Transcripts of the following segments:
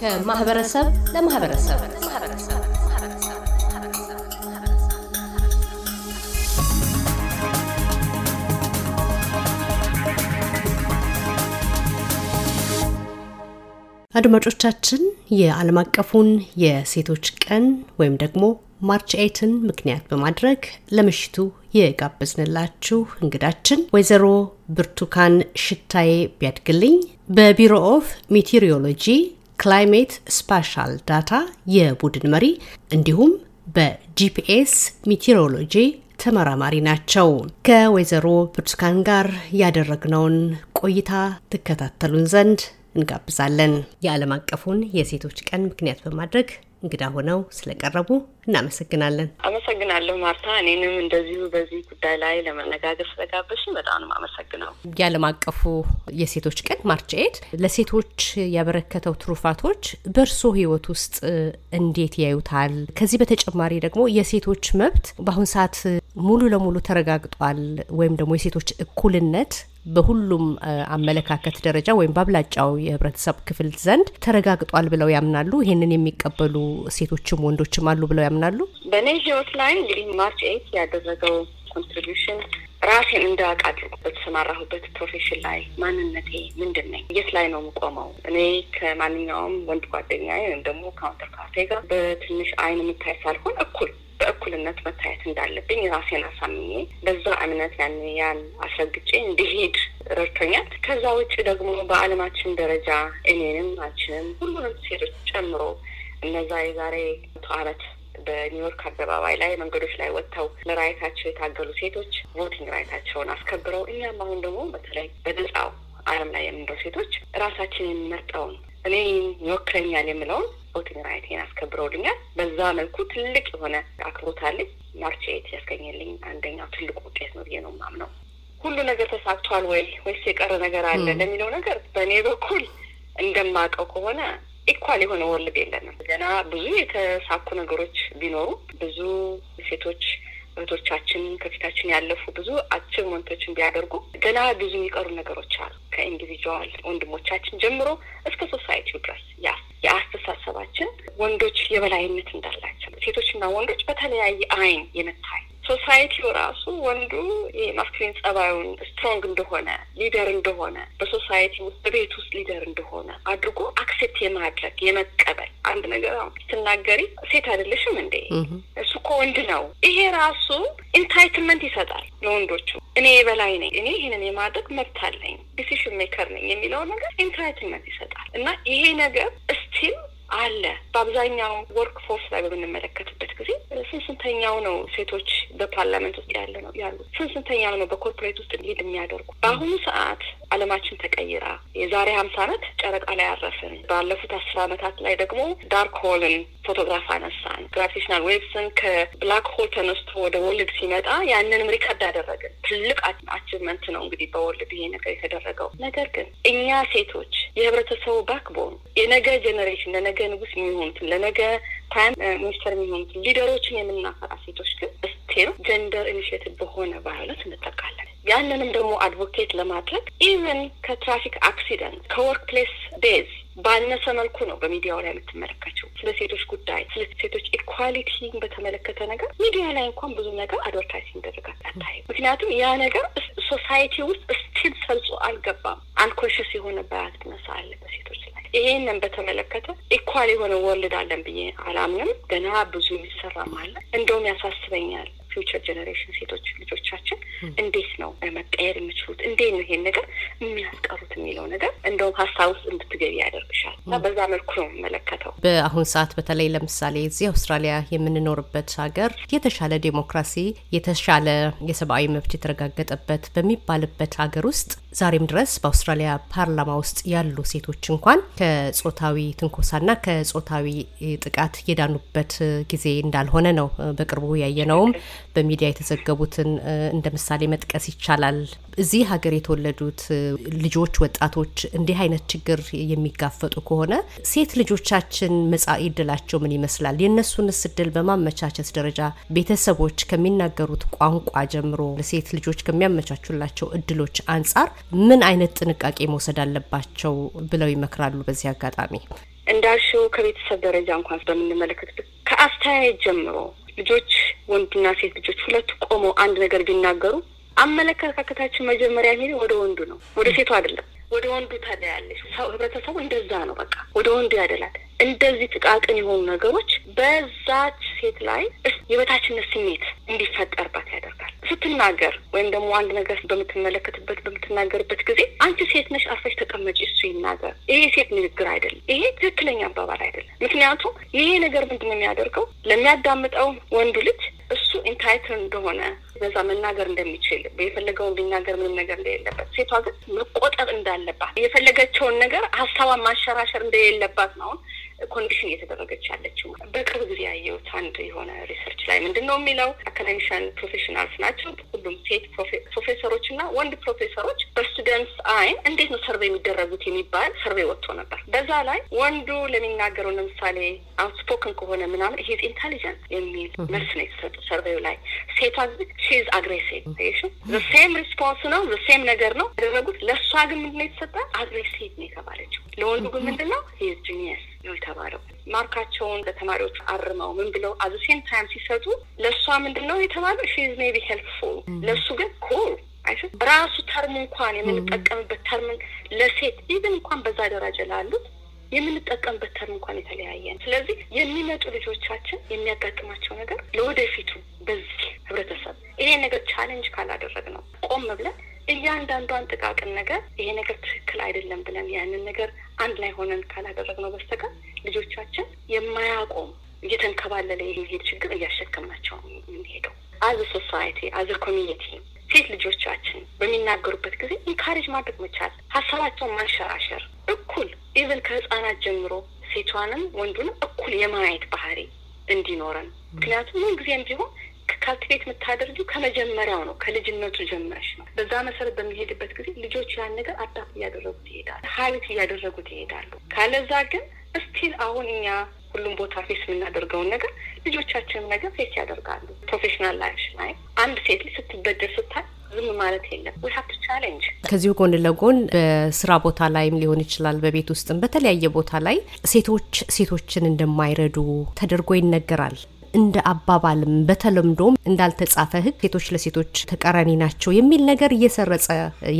ከማህበረሰብ ለማህበረሰብ አድማጮቻችን የዓለም አቀፉን የሴቶች ቀን ወይም ደግሞ ማርች ኤትን ምክንያት በማድረግ ለምሽቱ የጋበዝንላችሁ እንግዳችን ወይዘሮ ብርቱካን ሽታዬ ቢያድግልኝ በቢሮ ኦፍ ሜቴሪዮሎጂ ክላይሜት ስፓሻል ዳታ የቡድን መሪ እንዲሁም በጂፒኤስ ሜቴሮሎጂ ተመራማሪ ናቸው። ከወይዘሮ ብርቱካን ጋር ያደረግነውን ቆይታ ትከታተሉን ዘንድ እንጋብዛለን። የዓለም አቀፉን የሴቶች ቀን ምክንያት በማድረግ እንግዳ ሆነው ስለቀረቡ እናመሰግናለን። አመሰግናለሁ ማርታ። እኔንም እንደዚሁ በዚህ ጉዳይ ላይ ለመነጋገር ስለጋበሽ በጣም አመሰግነው። የዓለም አቀፉ የሴቶች ቀን ማርች ለሴቶች ያበረከተው ትሩፋቶች በእርሶ ህይወት ውስጥ እንዴት ያዩታል? ከዚህ በተጨማሪ ደግሞ የሴቶች መብት በአሁን ሰዓት ሙሉ ለሙሉ ተረጋግጧል ወይም ደግሞ የሴቶች እኩልነት በሁሉም አመለካከት ደረጃ ወይም በአብላጫው የህብረተሰብ ክፍል ዘንድ ተረጋግጧል ብለው ያምናሉ? ይህንን የሚቀበሉ ሴቶችም ወንዶችም አሉ ብለው ያምናሉ? በእኔ ህይወት ላይ እንግዲህ ማርች ኤት ያደረገው ኮንትሪቢሽን ራሴን እንዳውቅ በተሰማራሁበት ፕሮፌሽን ላይ ማንነቴ ምንድን ነኝ፣ የት ላይ ነው የምቆመው? እኔ ከማንኛውም ወንድ ጓደኛ ወይም ደግሞ ካውንተር ፓርቴ ጋር በትንሽ አይን የምታይ ሳልሆን እኩል በእኩልነት መታየት እንዳለብኝ ራሴን አሳምኜ በዛ እምነት ያን ያን አስረግጬ እንዲሄድ ረድቶኛል። ከዛ ውጭ ደግሞ በዓለማችን ደረጃ እኔንም አንችንም ሁሉንም ሴቶች ጨምሮ እነዛ የዛሬ መቶ ዓመት በኒውዮርክ አደባባይ ላይ መንገዶች ላይ ወጥተው ለራይታቸው የታገሉ ሴቶች ቮቲንግ ራይታቸውን አስከብረው እኛም አሁን ደግሞ በተለይ በነጻው ዓለም ላይ የምንደው ሴቶች ራሳችን የምንመርጠውን እኔ ይወክለኛል የምለውን ቮቲንግ ራይቴን አስከብረውልኛል። በዛ መልኩ ትልቅ የሆነ አክብሮት አለኝ። ማርቼት ያስገኘልኝ አንደኛው ትልቁ ውጤት ነው ብዬ ነው የማምነው። ሁሉ ነገር ተሳክቷል ወይ ወይስ የቀረ ነገር አለ ለሚለው ነገር በእኔ በኩል እንደማውቀው ከሆነ ኢኳል የሆነ ወርልድ የለንም። ገና ብዙ የተሳኩ ነገሮች ቢኖሩ ብዙ ሴቶች እህቶቻችን ከፊታችን ያለፉ ብዙ አቺቭመንቶችን ቢያደርጉ ገና ብዙ የሚቀሩ ነገሮች አሉ። ከኢንዲቪጁዋል ወንድሞቻችን ጀምሮ እስከ ሶሳይቲው ድረስ ያ የአስተሳሰባችን ወንዶች የበላይነት እንዳላቸው ሴቶችና ወንዶች በተለያየ አይን የመታየት ሶሳይቲው ራሱ ወንዱ የማስክሊን ጸባዩን ስትሮንግ እንደሆነ ሊደር እንደሆነ በሶሳይቲ ውስጥ በቤት ውስጥ ሊደር እንደሆነ አድርጎ አክሴፕት የማድረግ የመቀበል አንድ ነገር አሁን ስትናገሪ ሴት አይደለሽም እንዴ እሱ እኮ ወንድ ነው። ይሄ ራሱ ኢንታይትልመንት ይሰጣል ለወንዶቹ። እኔ የበላይ ነኝ፣ እኔ ይህንን የማድረግ መብት አለኝ፣ ዲሲሽን ሜከር ነኝ የሚለው ነገር ኢንታይትልመንት ይሰጣል እና ይሄ ነገር ስቲል አለ። በአብዛኛው ወርክ ፎርስ ላይ በምንመለከትበት ጊዜ ስንት ስንተኛው ነው ሴቶች በፓርላመንት ውስጥ ያለ ነው ያሉ ስንት ስንተኛው ነው በኮርፖሬት ውስጥ ሊድ የሚያደርጉ በአሁኑ ሰዓት አለማችን ተቀይራ የዛሬ ሀምሳ ዓመት ጨረቃ ላይ አረፍን። ባለፉት አስር ዓመታት ላይ ደግሞ ዳርክ ሆልን ፎቶግራፍ አነሳን። ግራቪቴሽናል ዌቭስን ከብላክ ሆል ተነስቶ ወደ ወልድ ሲመጣ ያንንም ሪከርድ አደረግን። ትልቅ አችቭመንት ነው እንግዲህ በወልድ ይሄ ነገር የተደረገው ነገር ግን እኛ ሴቶች የህብረተሰቡ ባክቦን የነገ ጄኔሬሽን ለነገ ንጉስ የሚሆኑትን ለነገ ፕራይም ሚኒስተር የሚሆኑትን ሊደሮችን የምናፈራ ሴቶች ግን ስቴም ጀንደር ኢኒሽቲቭ በሆነ ቫዮለንስ እንጠቃለን። ያንንም ደግሞ አድቮኬት ለማድረግ ኢቨን ከትራፊክ አክሲደንት ከወርክፕሌስ ቤዝ ባነሰ መልኩ ነው በሚዲያው ላይ የምትመለከቸው። ስለ ሴቶች ጉዳይ፣ ስለ ሴቶች ኢኳሊቲ በተመለከተ ነገር ሚዲያ ላይ እንኳን ብዙ ነገር አድቨርታይዝ ይደረጋል አታይ። ምክንያቱም ያ ነገር ሶሳይቲ ውስጥ እስቲል ሰልጾ አልገባም። አንኮንሽስ የሆነ ባያትነሳ አለ በሴቶች ላይ። ይሄንን በተመለከተ ኢኳል የሆነ ወርልድ አለን ብዬ አላምንም። ገና ብዙ የሚሰራም አለ። እንደውም ያሳስበኛል ፊውቸር ጀኔሬሽን ሴቶች ልጆቻችን እንዴት ነው መቀየር የሚችሉት? እንዴት ነው ይሄን ነገር የሚያስቀሩት የሚለው ነገር እንደውም ሀሳብ ውስጥ እንድትገቢ ያደርግሻል እና በዛ መልኩ ነው የምመለከተው። በአሁን ሰዓት በተለይ ለምሳሌ እዚህ አውስትራሊያ የምንኖርበት ሀገር የተሻለ ዴሞክራሲ የተሻለ የሰብአዊ መብት የተረጋገጠበት በሚባልበት ሀገር ውስጥ ዛሬም ድረስ በአውስትራሊያ ፓርላማ ውስጥ ያሉ ሴቶች እንኳን ከጾታዊ ትንኮሳና ከጾታዊ ጥቃት የዳኑበት ጊዜ እንዳልሆነ ነው በቅርቡ ያየነውም በሚዲያ የተዘገቡትን እንደ ምሳሌ መጥቀስ ይቻላል። እዚህ ሀገር የተወለዱት ልጆች፣ ወጣቶች እንዲህ አይነት ችግር የሚጋፈጡ ከሆነ ሴት ልጆቻችን መጻኢ እድላቸው ምን ይመስላል? የእነሱንስ እድል በማመቻቸት ደረጃ ቤተሰቦች ከሚናገሩት ቋንቋ ጀምሮ ሴት ልጆች ከሚያመቻቹላቸው እድሎች አንጻር ምን አይነት ጥንቃቄ መውሰድ አለባቸው ብለው ይመክራሉ? በዚህ አጋጣሚ እንዳልሽው ከቤተሰብ ደረጃ እንኳን በምንመለከት ከአስተያየት ጀምሮ ልጆች ወንድና ሴት ልጆች ሁለቱ ቆመው አንድ ነገር ቢናገሩ አመለካከታችን መጀመሪያ የሚሄደው ወደ ወንዱ ነው፣ ወደ ሴቱ አይደለም። ወደ ወንዱ ታደያለች። ሰው ህብረተሰቡ እንደዛ ነው፣ በቃ ወደ ወንዱ ያደላል። እንደዚህ ጥቃቅን የሆኑ ነገሮች በዛች ሴት ላይ የበታችነት ስሜት እንዲፈጠርባት ያደርጋል። ስትናገር ወይም ደግሞ አንድ ነገር በምትመለከትበት በምትናገርበት ጊዜ አንቺ ሴት ነሽ፣ አርፈሽ ተቀመጭ እሱ ይናገር፣ ይሄ ሴት ንግግር አይደለም፣ ይሄ ትክክለኛ አባባል አይደለም። ምክንያቱም ይሄ ነገር ምንድን ነው የሚያደርገው ለሚያዳምጠው ወንዱ ልጅ ኢንታይትል እንደሆነ በዛ መናገር እንደሚችል የፈለገውን ቢናገር ምንም ነገር እንደሌለበት፣ ሴቷ ግን መቆጠብ እንዳለባት የፈለገቸውን ነገር ሀሳቧን ማሸራሸር እንደሌለባት ነው አሁን ኮንዲሽን እየተደረገች ያለችው። በቅርብ ጊዜ ያየሁት አንድ የሆነ ሪሰርች ላይ ምንድን ነው የሚለው አካደሚሽን ፕሮፌሽናልስ ናቸው ሁሉም ሴት ፕሮፌሰሮች እና ወንድ ፕሮፌሰሮች በስቱደንትስ አይን እንዴት ነው ሰርቬ የሚደረጉት የሚባል ሰርቬ ወጥቶ ነበር። በዛ ላይ ወንዱ ለሚናገረው ለምሳሌ አውትስፖክን ከሆነ ምናምን ሂዝ ኢንቴሊጀንት የሚል መልስ ነው የተሰጡ ሰርቬው ላይ። ሴቷ ግን ሺዝ አግሬሲቭ ሴም ሪስፖንስ ነው ሴም ነገር ነው ያደረጉት። ለእሷ ግን ምንድነው የተሰጠ አግሬሲቭ ነው የተባለችው። ለወንዱ ግን ምንድን ነው ጂኒየስ ነው የተባለው። ማርካቸውን ለተማሪዎች አርመው ምን ብለው አዘሴም ታይም ሲሰጡ ለእሷ ምንድን ነው የተባለው ሺዝ ሜቢ ሄልፕፉል ለእሱ ግን ኮል ራሱ ተርም እንኳን የምንጠቀምበት ተርምን ለሴት ኢቭን እንኳን በዛ ደረጃ ላሉት የምንጠቀምበት ተርም እንኳን የተለያየ ነው። ስለዚህ የሚመጡ ልጆቻችን የሚያጋጥማቸው ነገር ለወደፊቱ በዚህ ህብረተሰብ ይሄ ነገር ቻሌንጅ ካላደረግ ነው ቆም ብለን እያንዳንዷን ጥቃቅን ነገር ይሄ ነገር ትክክል አይደለም ብለን ያንን ነገር አንድ ላይ ሆነን ካላደረግ ነው በስተቀር ልጆቻችን የማያቆም እየተንከባለለ የሚሄድ ችግር እያሸከምናቸው የሚሄደው አዝ ሶሳይቲ አዝ ኮሚኒቲ ሴት ልጆቻችን በሚናገሩበት ጊዜ ኢንካሬጅ ማድረግ መቻል፣ ሀሳባቸውን ማንሸራሸር ኢቨን ከህፃናት ጀምሮ ሴቷንም ወንዱንም እኩል የማየት ባህሪ እንዲኖረን። ምክንያቱም ምን ጊዜም ቢሆን ካልቲቬት የምታደርጊው ከመጀመሪያው ነው፣ ከልጅነቱ ጀምረሽ ነው። በዛ መሰረት በሚሄድበት ጊዜ ልጆች ያን ነገር አዳፍ እያደረጉት ይሄዳሉ፣ ሀቢት እያደረጉት ይሄዳሉ። ካለዛ ግን እስቲል አሁን እኛ ሁሉም ቦታ ፌስ የምናደርገውን ነገር ልጆቻችንም ነገር ፌስ ያደርጋሉ። ፕሮፌሽናል ላይፍ ላይ አንድ ሴት ስትበደር ስታይ ዝም ማለት የለም። ዊሀብ ቻሌንጅ ከዚሁ ጎን ለጎን በስራ ቦታ ላይም ሊሆን ይችላል፣ በቤት ውስጥም በተለያየ ቦታ ላይ ሴቶች ሴቶችን እንደማይረዱ ተደርጎ ይነገራል። እንደ አባባልም በተለምዶም እንዳልተጻፈ ህግ ሴቶች ለሴቶች ተቃራኒ ናቸው የሚል ነገር እየሰረጸ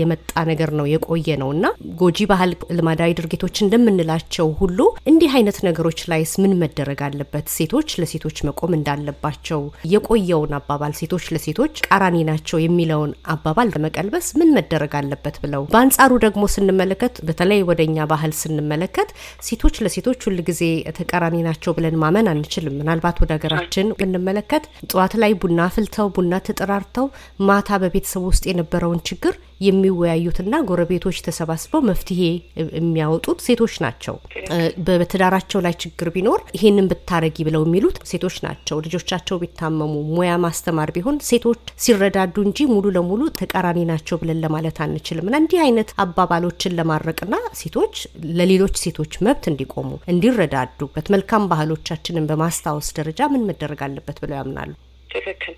የመጣ ነገር ነው የቆየ ነው እና ጎጂ ባህል ልማዳዊ ድርጊቶች እንደምንላቸው ሁሉ እንዲህ አይነት ነገሮች ላይስ ምን መደረግ አለበት? ሴቶች ለሴቶች መቆም እንዳለባቸው የቆየውን አባባል ሴቶች ለሴቶች ቃራኒ ናቸው የሚለውን አባባል ለመቀልበስ ምን መደረግ አለበት ብለው በአንጻሩ ደግሞ ስንመለከት በተለይ ወደኛ ባህል ስንመለከት ሴቶች ለሴቶች ሁልጊዜ ተቃራኒ ናቸው ብለን ማመን አንችልም። ምናልባት ወደ ሀገራችን ቤተሰቦችን እንመለከት። ጠዋት ላይ ቡና ፍልተው ቡና ተጠራርተው ማታ በቤተሰብ ውስጥ የነበረውን ችግር የሚወያዩትና ጎረቤቶች ተሰባስበው መፍትሄ የሚያወጡት ሴቶች ናቸው። በትዳራቸው ላይ ችግር ቢኖር ይህንን ብታረጊ ብለው የሚሉት ሴቶች ናቸው። ልጆቻቸው ቢታመሙ ሙያ ማስተማር ቢሆን ሴቶች ሲረዳዱ እንጂ ሙሉ ለሙሉ ተቃራኒ ናቸው ብለን ለማለት አንችልም። እና እንዲህ አይነት አባባሎችን ለማድረቅና ሴቶች ለሌሎች ሴቶች መብት እንዲቆሙ እንዲረዳዱበት መልካም ባህሎቻችንን በማስታወስ ደረጃ ምን መደረግ አለበት ብለው ያምናሉ። ትክክል።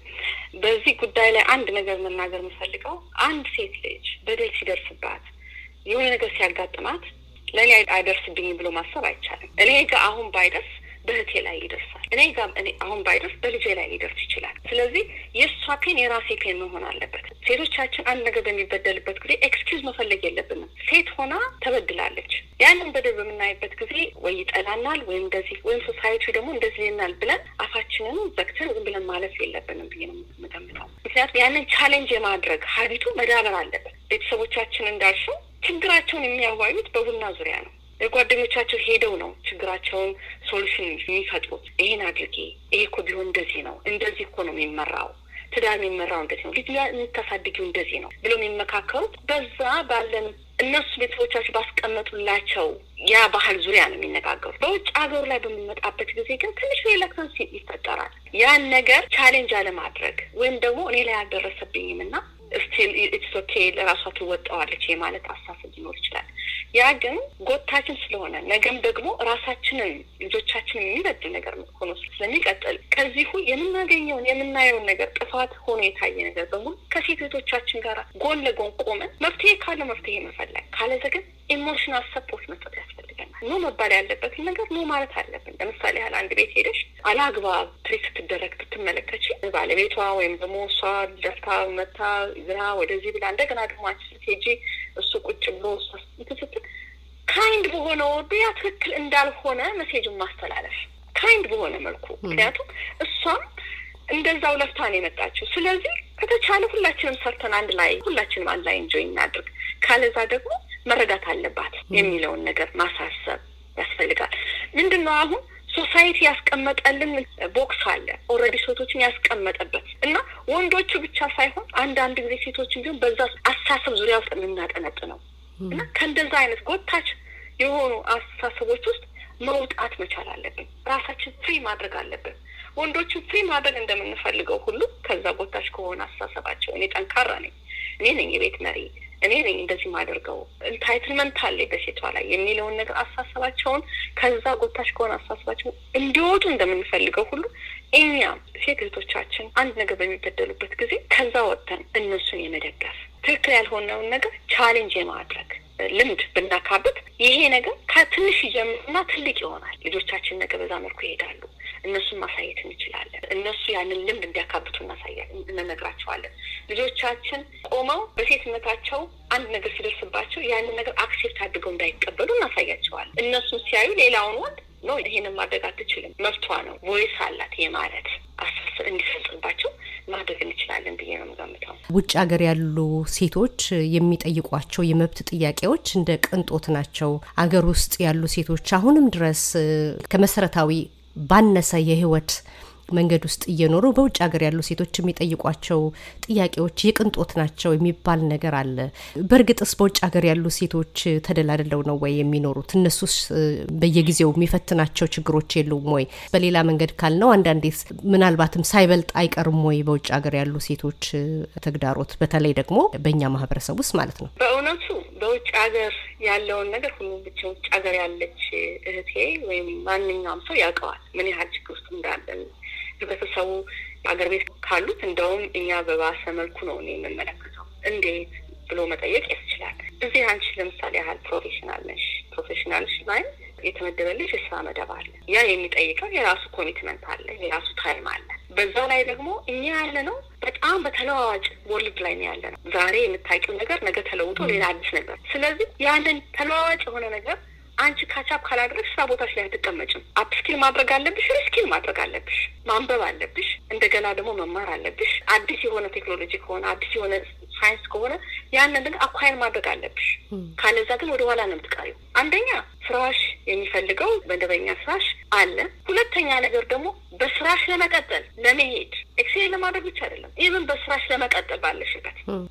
በዚህ ጉዳይ ላይ አንድ ነገር መናገር የምፈልገው አንድ ሴት ልጅ በደል ሲደርስባት የሆነ ነገር ሲያጋጥማት ለእኔ አይደርስብኝም ብሎ ማሰብ አይቻልም። እኔ ጋር አሁን ባይደርስ በእህቴ ላይ ይደርሳል። እኔ ጋ እኔ አሁን ባይደርስ በልጄ ላይ ሊደርስ ይችላል። ስለዚህ የእሷ ፔን የራሴ ፔን መሆን አለበት። ሴቶቻችን አንድ ነገር በሚበደልበት ጊዜ ኤክስኪውዝ መፈለግ የለብንም። ሴት ሆና ተበድላለች። ያንን በደል በምናይበት ጊዜ ወይ ይጠላናል ወይም እንደዚህ ወይም ሶሳይቲ ደግሞ እንደዚህ ይልናል ብለን አፋችንን ዘግተን ዝም ብለን ማለፍ የለብንም ብዬ ነው የምገምተው። ምክንያቱም ያንን ቻሌንጅ የማድረግ ሀቢቱ መዳበር አለበት። ቤተሰቦቻችን እንዳልሽው ችግራቸውን የሚያዋዩት በቡና ዙሪያ ነው። ጓደኞቻቸው ሄደው ነው ችግራቸውን ሶሉሽን የሚፈጥሩት ይሄን አድርጌ ይሄ እኮ ቢሆን እንደዚህ ነው፣ እንደዚህ እኮ ነው የሚመራው ትዳር የሚመራው እንደዚህ ነው፣ ልጅ የምታሳድጊው እንደዚህ ነው ብሎ የሚመካከሩት በዛ ባለን እነሱ ቤተሰቦቻቸው ባስቀመጡላቸው ያ ባህል ዙሪያ ነው የሚነጋገሩት። በውጭ ሀገሩ ላይ በምንመጣበት ጊዜ ግን ትንሽ ሪላክሰንስ ይፈጠራል። ያን ነገር ቻሌንጅ አለማድረግ ወይም ደግሞ እኔ ላይ አልደረሰብኝም እና ስቲል ኢትስ ኦኬ ለራሷ ትወጣዋለች የማለት አሳሰብ ሊኖር ይችላል። ያ ግን ጎታችን ስለሆነ ነገም ደግሞ ራሳችንን ልጆቻችንን የሚበድል ነገር ሆኖ ስለሚቀጥል ከዚሁ የምናገኘውን የምናየውን ነገር ጥፋት ሆኖ የታየ ነገር በሙሉ ከሴት እህቶቻችን ጋር ጎን ለጎን ቆመን መፍትሄ ካለ መፍትሄ መፈለግ፣ ካለዚያ ግን ኢሞሽናል ሰፖርት መስጠት ኖ መባል ያለበትን ነገር ኖ ማለት አለብን። ለምሳሌ ያህል አንድ ቤት ሄደሽ አላግባብ ትሪት ስትደረግ ብትመለከች ባለቤቷ ወይም ደግሞ እሷ ደፍታ መታ ዝራ ወደዚህ ብላ እንደገና ደግሞ አንቺ ስትሄጂ እሱ ቁጭ ብሎ ስትል ካይንድ በሆነ ወዱ ያ ትክክል እንዳልሆነ መሴጅን ማስተላለፍ ካይንድ በሆነ መልኩ ምክንያቱም እሷም እንደዛው ለፍታ ነው የመጣችው። ስለዚህ ከተቻለ ሁላችንም ሰርተን አንድ ላይ ሁላችንም አንድ ላይ እንጆይ እናድርግ። ካለዛ ደግሞ መረዳት አለባት የሚለውን ነገር ማሳሰብ ያስፈልጋል። ምንድን ነው አሁን ሶሳይቲ ያስቀመጠልን ቦክስ አለ ኦልሬዲ ሴቶችን ያስቀመጠበት እና ወንዶቹ ብቻ ሳይሆን አንዳንድ ጊዜ ሴቶችን ቢሆን በዛ አስተሳሰብ ዙሪያ ውስጥ የምናጠነጥ ነው እና ከእንደዛ አይነት ጎታች የሆኑ አስተሳሰቦች ውስጥ መውጣት መቻል አለብን። ራሳችን ፍሪ ማድረግ አለብን። ወንዶቹ ፍሪ ማድረግ እንደምንፈልገው ሁሉ ከዛ ቦታች ከሆነ አስተሳሰባቸው እኔ ጠንካራ ነኝ፣ እኔ ነኝ የቤት መሪ፣ እኔ ነኝ እንደዚህ ማደርገው፣ እንታይትልመንት አለ በሴቷ ላይ የሚለውን ነገር አስተሳሰባቸውን ከዛ ጎታች ከሆነ አስተሳሰባቸው እንዲወጡ እንደምንፈልገው ሁሉ እኛም ሴት እህቶቻችን አንድ ነገር በሚበደሉበት ጊዜ ከዛ ወጥተን እነሱን የመደገፍ ትክክል ያልሆነውን ነገር ቻሌንጅ የማድረግ ልምድ ብናካብት ይሄ ነገር ከትንሽ ይጀምርና ትልቅ ይሆናል። ልጆቻችን ነገር በዛ መልኩ ይሄዳሉ። እነሱን ማሳየት እንችላለን። እነሱ ያንን ልምድ እንዲያካብቱ እናሳያለን፣ እንነግራቸዋለን። ልጆቻችን ቆመው በሴትነታቸው አንድ ነገር ሲደርስባቸው ያንን ነገር አክሴፕት አድርገው እንዳይቀበሉ እናሳያቸዋለን። እነሱን ሲያዩ ሌላውን ወንድ ነው ይሄንን ማድረግ አትችልም፣ መብቷ ነው፣ ቮይስ አላት የማለት አስተሳሰብ እንዲሰጥባቸው ማድረግ እንችላለን ብዬ ነው የምገምተው። ውጭ ሀገር ያሉ ሴቶች የሚጠይቋቸው የመብት ጥያቄዎች እንደ ቅንጦት ናቸው። አገር ውስጥ ያሉ ሴቶች አሁንም ድረስ ከመሰረታዊ ባነሰ የህይወት መንገድ ውስጥ እየኖሩ በውጭ ሀገር ያሉ ሴቶች የሚጠይቋቸው ጥያቄዎች የቅንጦት ናቸው የሚባል ነገር አለ። በእርግጥስ በውጭ ሀገር ያሉ ሴቶች ተደላድለው ነው ወይ የሚኖሩት? እነሱስ በየጊዜው የሚፈትናቸው ችግሮች የሉም ወይ? በሌላ መንገድ ካልነው አንዳንዴ ምናልባትም ሳይበልጥ አይቀርም ወይ በውጭ ሀገር ያሉ ሴቶች ተግዳሮት፣ በተለይ ደግሞ በእኛ ማህበረሰብ ውስጥ ማለት ነው። በእውነቱ በውጭ ሀገር ያለውን ነገር ሁሉ ብቻ ውጭ ሀገር ያለች እህቴ ወይም ማንኛውም ሰው ያውቀዋል ምን ያህል ችግር ውስጥ እንዳለን ህብረተሰቡ አገር ቤት ካሉት እንደውም እኛ በባሰ መልኩ ነው እኔ የምመለከተው። እንዴት ብሎ መጠየቅ ያስችላል። እዚህ አንቺ ለምሳሌ ያህል ፕሮፌሽናል ነሽ፣ ፕሮፌሽናልሽ ላይ የተመደበልሽ የስራ መደብ አለ። ያ የሚጠይቀው የራሱ ኮሚትመንት አለ፣ የራሱ ታይም አለ። በዛ ላይ ደግሞ እኛ ያለ ነው በጣም በተለዋዋጭ ወርልድ ላይ ነው ያለ ነው። ዛሬ የምታውቂው ነገር ነገ ተለውጦ ሌላ አዲስ ነገር። ስለዚህ ያንን ተለዋዋጭ የሆነ ነገር አንቺ ካቻፕ ካላደረግሽ ስራ ቦታሽ ላይ አትቀመጭም። አፕስኪል ማድረግ አለብሽ፣ ሪስኪል ማድረግ አለብሽ፣ ማንበብ አለብሽ፣ እንደገና ደግሞ መማር አለብሽ። አዲስ የሆነ ቴክኖሎጂ ከሆነ አዲስ የሆነ ሳይንስ ከሆነ ያንን ነገር አኳይር ማድረግ አለብሽ። hmm. ካለዛ ግን ወደኋላ ኋላ ነው የምትቀሪው። አንደኛ ስራሽ የሚፈልገው መደበኛ ስራሽ አለ። ሁለተኛ ነገር ደግሞ በስራሽ ለመቀጠል ለመሄድ ኤክሴል ለማድረግ ብቻ አይደለም፣ ኢቨን በስራሽ ለመቀጠል ባለሽበት hmm.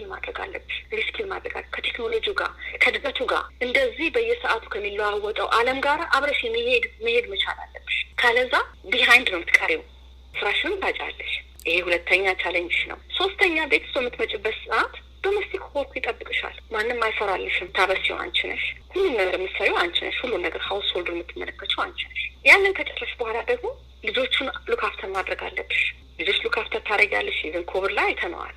ሪስኪል ማድረግ አለብሽ። ሪስኪል ማድረግ አለ ከቴክኖሎጂው ጋር ከእድገቱ ጋር እንደዚህ በየሰዓቱ ከሚለዋወጠው ዓለም ጋር አብረሽ መሄድ መሄድ መቻል አለብሽ። ካለዛ ቢሃይንድ ነው የምትቀሪው፣ ስራሽን ታጫለሽ። ይሄ ሁለተኛ ቻሌንጅሽ ነው። ሶስተኛ ቤት ሰው የምትመጭበት ሰዓት ዶሜስቲክ ሆርክ ይጠብቅሻል። ማንም አይሰራልሽም። ታበሲው አንቺ ነሽ። ሁሉም ነገር የምትሰሪው አንቺ ነሽ። ሁሉም ነገር ሀውስ ሆልዱ የምትመለከችው አንቺ ነሽ። ያንን ከጨረሽ በኋላ ደግሞ ልጆቹን ሉካፍተር ማድረግ አለብሽ። ልጆች ሉካፍተር ታደረጊያለሽ። ይዘን ኮብር ላይ አይተነዋል።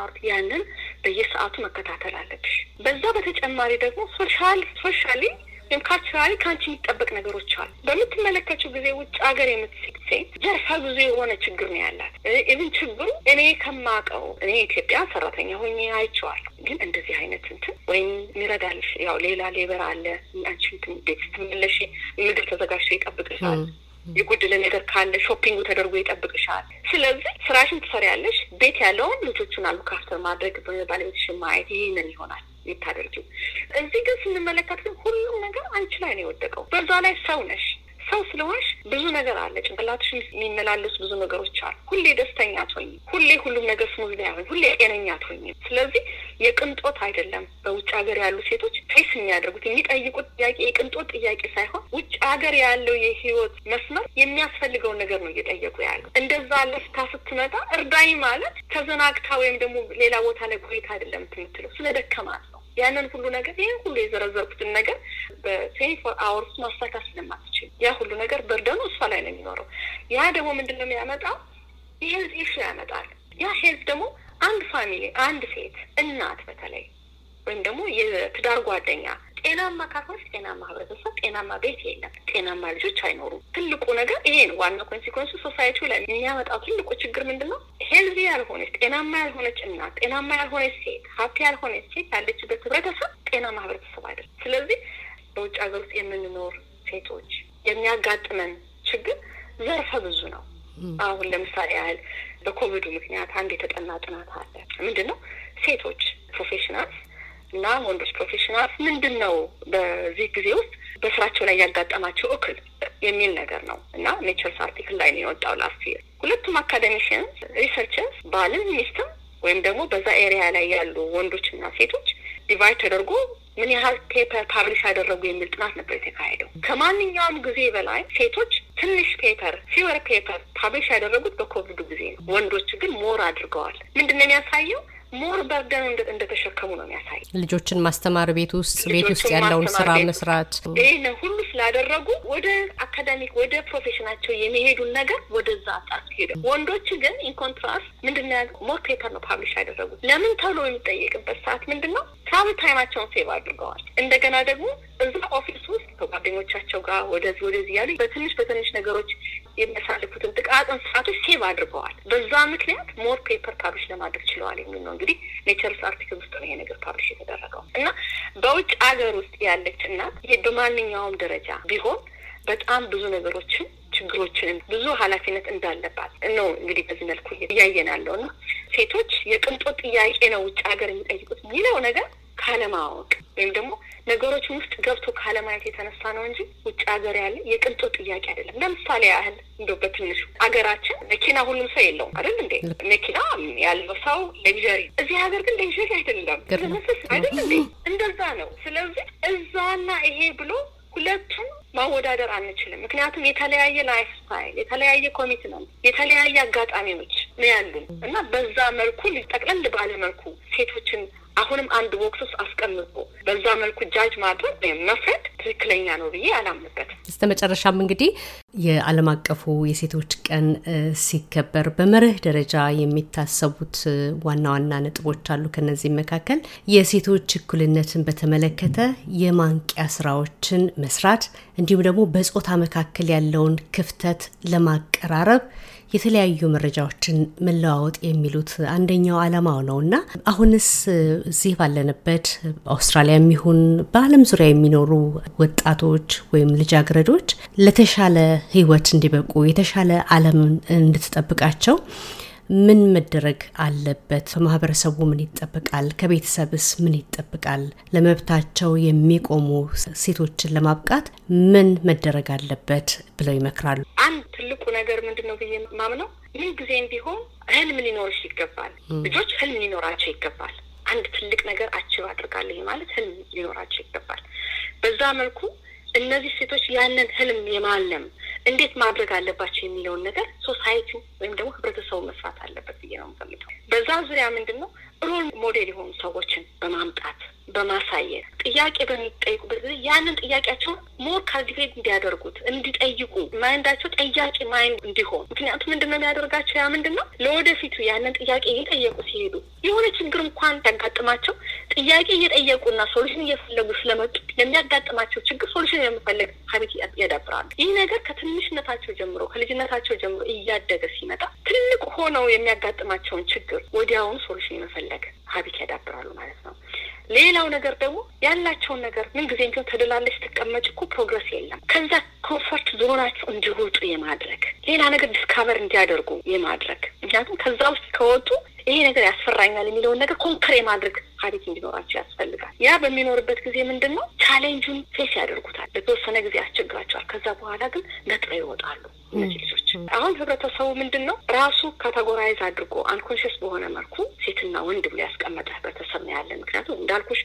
የሚማሩት ያንን በየሰዓቱ መከታተል አለብሽ። በዛ በተጨማሪ ደግሞ ሶሻል ሶሻሊ ወይም ካልቸራሊ ከአንቺ የሚጠበቅ ነገሮች አሉ። በምትመለከችው ጊዜ ውጭ ሀገር የምትስቅ ሴት ዘርፈ ብዙ የሆነ ችግር ነው ያላት። ኢቭን ችግሩ እኔ ከማውቀው እኔ ኢትዮጵያ ሰራተኛ ሆኜ አይቼዋለሁ። ግን እንደዚህ አይነት እንትን ወይም የሚረዳልሽ ያው ሌላ ሌበር አለ። አንቺ ቤት ስትመለሽ ምግብ ተዘጋጅቶ ይጠብቅሻል። የጎደለ ነገር ካለ ሾፒንግ ተደርጎ ይጠብቅሻል። ስለዚህ ስራሽን ትሰሪያለሽ። ቤት ያለውን ልጆቹን አሉ ካፍተር ማድረግ ባለቤትሽን ማየት ይህንን ይሆናል የምታደርጊው። እዚህ ግን ስንመለከት ግን ሁሉም ነገር አንቺ ላይ ነው የወደቀው። በዛ ላይ ሰው ነሽ ሰው ስለሆንሽ ብዙ ነገር አለ። ጭንቅላትሽ የሚመላለሱ ብዙ ነገሮች አሉ። ሁሌ ደስተኛ ትሆኝ፣ ሁሌ ሁሉም ነገር ስሙዝ ላይ ሁሌ ጤነኛ ትሆኝ። ስለዚህ የቅንጦት አይደለም። በውጭ ሀገር ያሉ ሴቶች ፌስ የሚያደርጉት የሚጠይቁት ጥያቄ የቅንጦት ጥያቄ ሳይሆን ውጭ ሀገር ያለው የህይወት መስመር የሚያስፈልገውን ነገር ነው እየጠየቁ ያሉ። እንደዛ ለፍታ ስትመጣ እርዳኝ ማለት ተዘናግታ ወይም ደግሞ ሌላ ቦታ ላይ ቆይታ አይደለም የምትለው ስለ ነው። ያንን ሁሉ ነገር ይህ ሁሉ የዘረዘርኩትን ነገር በትዌንቲ ፎር አወርስ ማሳካት ስለማትችል ያ ሁሉ ነገር በርደኑ እሷ ላይ ነው የሚኖረው። ያ ደግሞ ምንድን ነው የሚያመጣው? የሄልዝ ኢሹ ያመጣል። ያ ሄልዝ ደግሞ አንድ ፋሚሊ አንድ ሴት እናት በተለይ ወይም ደግሞ የትዳር ጓደኛ ጤናማ ካልሆነች ጤናማ ህብረተሰብ፣ ጤናማ ቤት የለም፣ ጤናማ ልጆች አይኖሩም። ትልቁ ነገር ይሄ ነው። ዋና ኮንሲኮንሱ ሶሳይቲው ላይ የሚያመጣው ትልቁ ችግር ምንድን ነው? ሄልዚ ያልሆነች ጤናማ ያልሆነች እናት፣ ጤናማ ያልሆነች ሴት፣ ሀፒ ያልሆነች ሴት ያለችበት ህብረተሰብ ጤናማ ህብረተሰብ አይደለም። ስለዚህ በውጭ ሀገር ውስጥ የምንኖር ሴቶች የሚያጋጥመን ችግር ዘርፈ ብዙ ነው። አሁን ለምሳሌ ያህል በኮቪዱ ምክንያት አንድ የተጠና ጥናት አለ። ምንድን ነው ሴቶች ፕሮፌሽናል እና ወንዶች ፕሮፌሽናል ምንድን ነው በዚህ ጊዜ ውስጥ በስራቸው ላይ ያጋጠማቸው እክል የሚል ነገር ነው እና ኔቸርስ አርቲክል ላይ ነው የወጣው ላስት ይር። ሁለቱም አካደሚሽንስ ሪሰርችስ ባልም ሚስትም ወይም ደግሞ በዛ ኤሪያ ላይ ያሉ ወንዶችና ሴቶች ዲቫይድ ተደርጎ ምን ያህል ፔፐር ፓብሊሽ ያደረጉ የሚል ጥናት ነበር የተካሄደው። ከማንኛውም ጊዜ በላይ ሴቶች ትንሽ ፔፐር ፊወር ፔፐር ፓብሊሽ ያደረጉት በኮቪዱ ጊዜ ነው። ወንዶች ግን ሞር አድርገዋል። ምንድን ነው የሚያሳየው? ሞር በርደን እንደተሸከሙ ነው የሚያሳይ። ልጆችን ማስተማር፣ ቤት ውስጥ ቤት ውስጥ ያለውን ስራ መስራት፣ ይህንን ሁሉ ስላደረጉ ወደ አካዳሚክ ወደ ፕሮፌሽናቸው የሚሄዱን ነገር ወደዛ አጣት ሄደ። ወንዶች ግን ኢንኮንትራስ ምንድን ሞር ፔፐር ነው ፓብሊሽ ያደረጉት። ለምን ተብሎ የሚጠየቅበት ሰዓት ምንድን ነው? ትራቭል ታይማቸውን ሴቭ አድርገዋል። እንደገና ደግሞ እዛ ኦፊስ ውስጥ ከጓደኞቻቸው ጋር ወደዚህ ወደዚህ ያሉ በትንሽ በትንሽ ነገሮች የሚያሳልፉትን ጥቃቅን ሰዓቶች ሴቭ አድርገዋል። በዛ ምክንያት ሞር ፔፐር ፓብሊሽ ለማድረግ ችለዋል የሚል ነው። እንግዲህ ኔቸርስ አርቲክል ውስጥ ነው ይሄ ነገር ፓብሊሽ የተደረገው እና በውጭ ሀገር ውስጥ ያለች እናት ይሄ በማንኛውም ደረጃ ቢሆን በጣም ብዙ ነገሮችን ችግሮችንም ብዙ ኃላፊነት እንዳለባት ነው እንግዲህ በዚህ መልኩ እያየን ያለው እና ሴቶች የቅንጦት ጥያቄ ነው ውጭ ሀገር የሚጠይቁት የሚለው ነገር ካለማወቅ ወይም ደግሞ ነገሮችን ውስጥ ገብቶ ካለማየት የተነሳ ነው እንጂ ውጭ ሀገር ያለ የቅንጦ ጥያቄ አይደለም። ለምሳሌ ያህል እንደ በትንሹ ሀገራችን መኪና ሁሉም ሰው የለውም አይደል እንዴ? መኪና ያለው ሰው ሌግሪ፣ እዚህ ሀገር ግን ሌግሪ አይደለም ለመሰስ አይደል እንዴ? እንደዛ ነው። ስለዚህ እዛና ይሄ ብሎ ሁለቱም ማወዳደር አንችልም። ምክንያቱም የተለያየ ላይፍ ስታይል፣ የተለያየ ኮሚትመንት፣ የተለያየ አጋጣሚዎች ነው ያሉን እና በዛ መልኩ ጠቅለል ባለ መልኩ ሴቶችን አሁንም አንድ ቦክስ ውስጥ አስቀምጦ በዛ መልኩ ጃጅ ማድረግ ወይም መፍረድ ትክክለኛ ነው ብዬ አላምንበትም። እስተ መጨረሻም እንግዲህ የዓለም አቀፉ የሴቶች ቀን ሲከበር በመርህ ደረጃ የሚታሰቡት ዋና ዋና ነጥቦች አሉ። ከነዚህ መካከል የሴቶች እኩልነትን በተመለከተ የማንቂያ ስራዎችን መስራት እንዲሁም ደግሞ በጾታ መካከል ያለውን ክፍተት ለማቀራረብ የተለያዩ መረጃዎችን መለዋወጥ የሚሉት አንደኛው አላማው ነው እና አሁንስ እዚህ ባለንበት አውስትራሊያ የሚሆን በአለም ዙሪያ የሚኖሩ ወጣቶች ወይም ልጃገረዶች ለተሻለ ህይወት እንዲበቁ የተሻለ አለም እንድትጠብቃቸው ምን መደረግ አለበት? ከማህበረሰቡ ምን ይጠበቃል? ከቤተሰብስ ምን ይጠበቃል? ለመብታቸው የሚቆሙ ሴቶችን ለማብቃት ምን መደረግ አለበት ብለው ይመክራሉ? አንድ ትልቁ ነገር ምንድን ነው ብዬ ማምነው ምን ጊዜም ቢሆን ህልም ሊኖርሽ ይገባል። ልጆች ህልም ሊኖራቸው ይገባል። አንድ ትልቅ ነገር አችብ አድርጋለሁ ማለት ህልም ሊኖራቸው ይገባል። በዛ መልኩ እነዚህ ሴቶች ያንን ህልም የማለም እንዴት ማድረግ አለባቸው የሚለውን ነገር ሶሳይቲ ወይም ደግሞ ህብረተሰቡ መስራት በስራው ዙሪያ ምንድን ነው ሮል ሞዴል የሆኑ ሰዎችን በማምጣት በማሳየት ጥያቄ በሚጠይቁበት ጊዜ ያንን ጥያቄያቸውን ሞር ካልቲቬት እንዲያደርጉት እንዲጠይቁ ማይንዳቸው ጠያቂ ማይንድ እንዲሆን። ምክንያቱም ምንድነው የሚያደርጋቸው ያ ምንድን ነው ለወደፊቱ ያንን ጥያቄ እየጠየቁ ሲሄዱ የሆነ ችግር እንኳን ያጋጥማቸው ጥያቄ እየጠየቁና ሶሉሽን እየፈለጉ ስለመጡ ለሚያጋጥማቸው ችግር ሶሉሽን የመፈለግ ሀቢት ያዳብራሉ። ይህ ነገር ከትንሽነታቸው ጀምሮ ከልጅነታቸው ጀምሮ እያደገ ሲመጣ ትልቅ ሆነው የሚያጋጥማቸውን ችግር ወዲያውኑ ሶሉሽን የመፈለግ ሀቢት ያዳብራሉ ማለት ነው። ሌላው ነገር ደግሞ ያላቸውን ነገር ምን ጊዜም ቢሆን ተደላለች ስትቀመጭ እኮ ፕሮግረስ የለም። ከዛ ኮንፈርት ዞናቸው እንዲወጡ የማድረግ ሌላ ነገር ዲስካቨር እንዲያደርጉ የማድረግ ምክንያቱም ከዛ ውስጥ ከወጡ ይሄ ነገር ያስፈራኛል የሚለውን ነገር ኮንክሬ ማድረግ ሀቢት እንዲኖራቸው ያስፈልጋል። ያ በሚኖርበት ጊዜ ምንድን ነው ቻሌንጁን ፌስ ያደርጉታል። ለተወሰነ ጊዜ ያስቸግራቸዋል። ከዛ በኋላ ግን ነጥረው ይወጣሉ እነዚህ ልጆች። አሁን ህብረተሰቡ ምንድን ነው ራሱ ካታጎራይዝ አድርጎ አንኮንሽስ በሆነ መልኩ ሴትና ወንድ ብሎ ያስቀመጠ ህብረተሰብ ነው ያለን። ምክንያቱም እንዳልኩሽ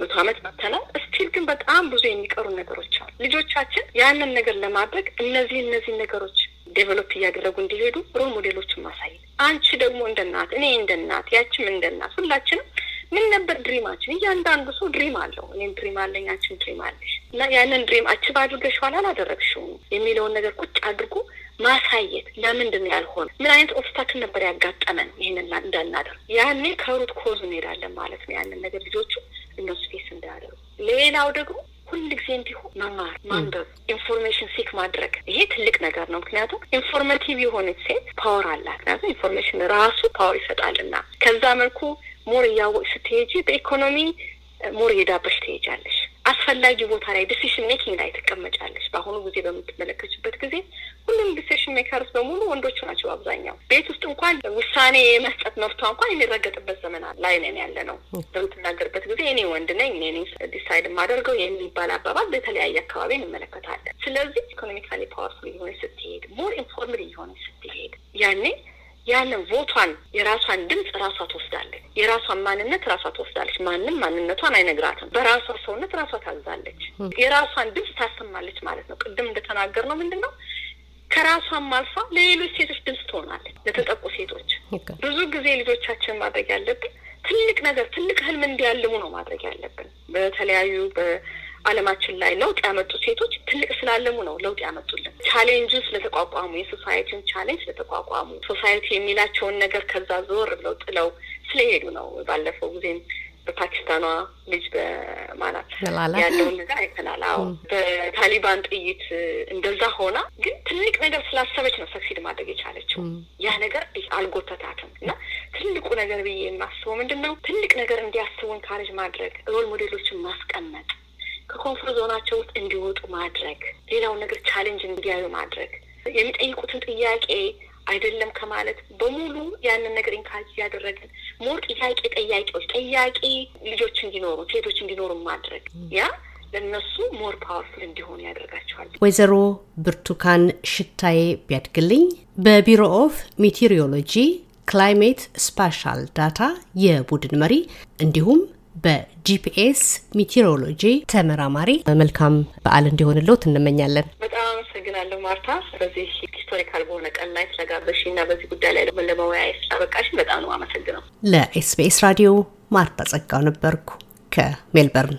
መቶ ዓመት መተናል። እስቲል ግን በጣም ብዙ የሚቀሩ ነገሮች አሉ። ልጆቻችን ያንን ነገር ለማድረግ እነዚህ እነዚህ ነገሮች ዴቨሎፕ እያደረጉ እንዲሄዱ ሮል ሞዴሎችን ማሳየት። አንቺ ደግሞ እንደናት፣ እኔ እንደናት፣ ያችም እንደናት፣ ሁላችንም ምን ነበር ድሪማችን? እያንዳንዱ ሰው ድሪም አለው። እኔም ድሪም አለኝ፣ አንቺም ድሪም አለሽ እና ያንን ድሪም አችብ አድርገሽዋል አላደረግሽውም የሚለውን ነገር ቁጭ አድርጎ ማሳየት። ለምንድን ነው ያልሆነ? ምን አይነት ኦብስታክል ነበር ያጋጠመን ይህንን እንዳናደርግ? ያኔ ከሩት ኮዝ እንሄዳለን ማለት ነው። ያንን ነገር ልጆቹ እነሱ ፌስ እንዳያደርጉ ሌላው ደግሞ ሁልጊዜም ቢሆን መማር፣ ማንበብ፣ ኢንፎርሜሽን ሲክ ማድረግ ይሄ ትልቅ ነገር ነው። ምክንያቱም ኢንፎርማቲቭ የሆነች ሴት ፓወር አላት። ምክንያቱም ኢንፎርሜሽን ራሱ ፓወር ይሰጣልና ከዛ መልኩ ሞር እያወቅ ስትሄጂ በኢኮኖሚ ሞር እየዳበሽ ትሄጃለሽ። አስፈላጊ ቦታ ላይ ዲሲሽን ሜኪንግ ላይ ትቀመጫለች። በአሁኑ ጊዜ በምትመለከችበት ጊዜ ሁሉም ዲሲሽን ሜከርስ በሙሉ ወንዶች ናቸው። አብዛኛው ቤት ውስጥ እንኳን ውሳኔ የመስጠት መብቷ እንኳን የሚረገጥበት ዘመን ላይ ነን ያለ ነው። በምትናገርበት ጊዜ እኔ ወንድ ነኝ፣ እኔ ዲሳይድ የማደርገው የሚባል አባባል በተለያየ አካባቢ እንመለከታለን። ስለዚህ ኢኮኖሚካሊ ፓወርፉል የሆነ ስትሄድ፣ ሞር ኢንፎርምድ የሆነ ስትሄድ ያኔ ያንን ቮቷን የራሷን ድምፅ ራሷ ትወስዳለች። የራሷን ማንነት ራሷ ትወስዳለች። ማንም ማንነቷን አይነግራትም። በራሷ ሰውነት ራሷ ታዛለች። የራሷን ድምፅ ታሰማለች ማለት ነው። ቅድም እንደተናገር ነው ምንድን ነው ከራሷም አልፋ ለሌሎች ሴቶች ድምፅ ትሆናለች። ለተጠቁ ሴቶች ብዙ ጊዜ ልጆቻችን ማድረግ ያለብን ትልቅ ነገር ትልቅ ህልም እንዲያልሙ ነው ማድረግ ያለብን በተለያዩ አለማችን ላይ ለውጥ ያመጡ ሴቶች ትልቅ ስላለሙ ነው ለውጥ ያመጡልን። ቻሌንጅ ስለተቋቋሙ የሶሳይቲን ቻሌንጅ ስለተቋቋሙ ሶሳይቲ የሚላቸውን ነገር ከዛ ዞር ብለው ጥለው ስለሄዱ ነው። ባለፈው ጊዜም በፓኪስታኗ ልጅ በማላት ያለውን ነገር አይተናል። አዎ በታሊባን ጥይት እንደዛ ሆና ግን ትልቅ ነገር ስላሰበች ነው ሰክሲድ ማድረግ የቻለችው። ያ ነገር አልጎተታትም እና ትልቁ ነገር ብዬ የማስበው ምንድን ነው ትልቅ ነገር እንዲያስቡን ካረጅ ማድረግ ሮል ሞዴሎችን ማስቀመጥ ከኮንፎርት ዞናቸው ውስጥ እንዲወጡ ማድረግ፣ ሌላው ነገር ቻሌንጅ እንዲያዩ ማድረግ፣ የሚጠይቁትን ጥያቄ አይደለም ከማለት በሙሉ ያንን ነገር ኢንካጅ እያደረግን ሞር ጥያቄ ጠያቂዎች ጠያቂ ልጆች እንዲኖሩ ሴቶች እንዲኖሩ ማድረግ ያ ለነሱ ሞር ፓወርፉል እንዲሆኑ ያደርጋቸዋል። ወይዘሮ ብርቱካን ሽታዬ ቢያድግልኝ በቢሮ ኦፍ ሜቴሪዮሎጂ ክላይሜት ስፓሻል ዳታ የቡድን መሪ እንዲሁም በጂፒኤስ ሚቴሮሎጂ ተመራማሪ። መልካም በዓል እንዲሆንልዎት እንመኛለን። በጣም አመሰግናለሁ ማርታ፣ በዚህ ሂስቶሪካል በሆነ ቀን ላይ ስለጋበሽ እና በዚህ ጉዳይ ላይ ለመወያየት ስላበቃሽ በጣም ነው አመሰግነው። ለኤስቢኤስ ራዲዮ ማርታ ጸጋው ነበርኩ ከሜልበርን።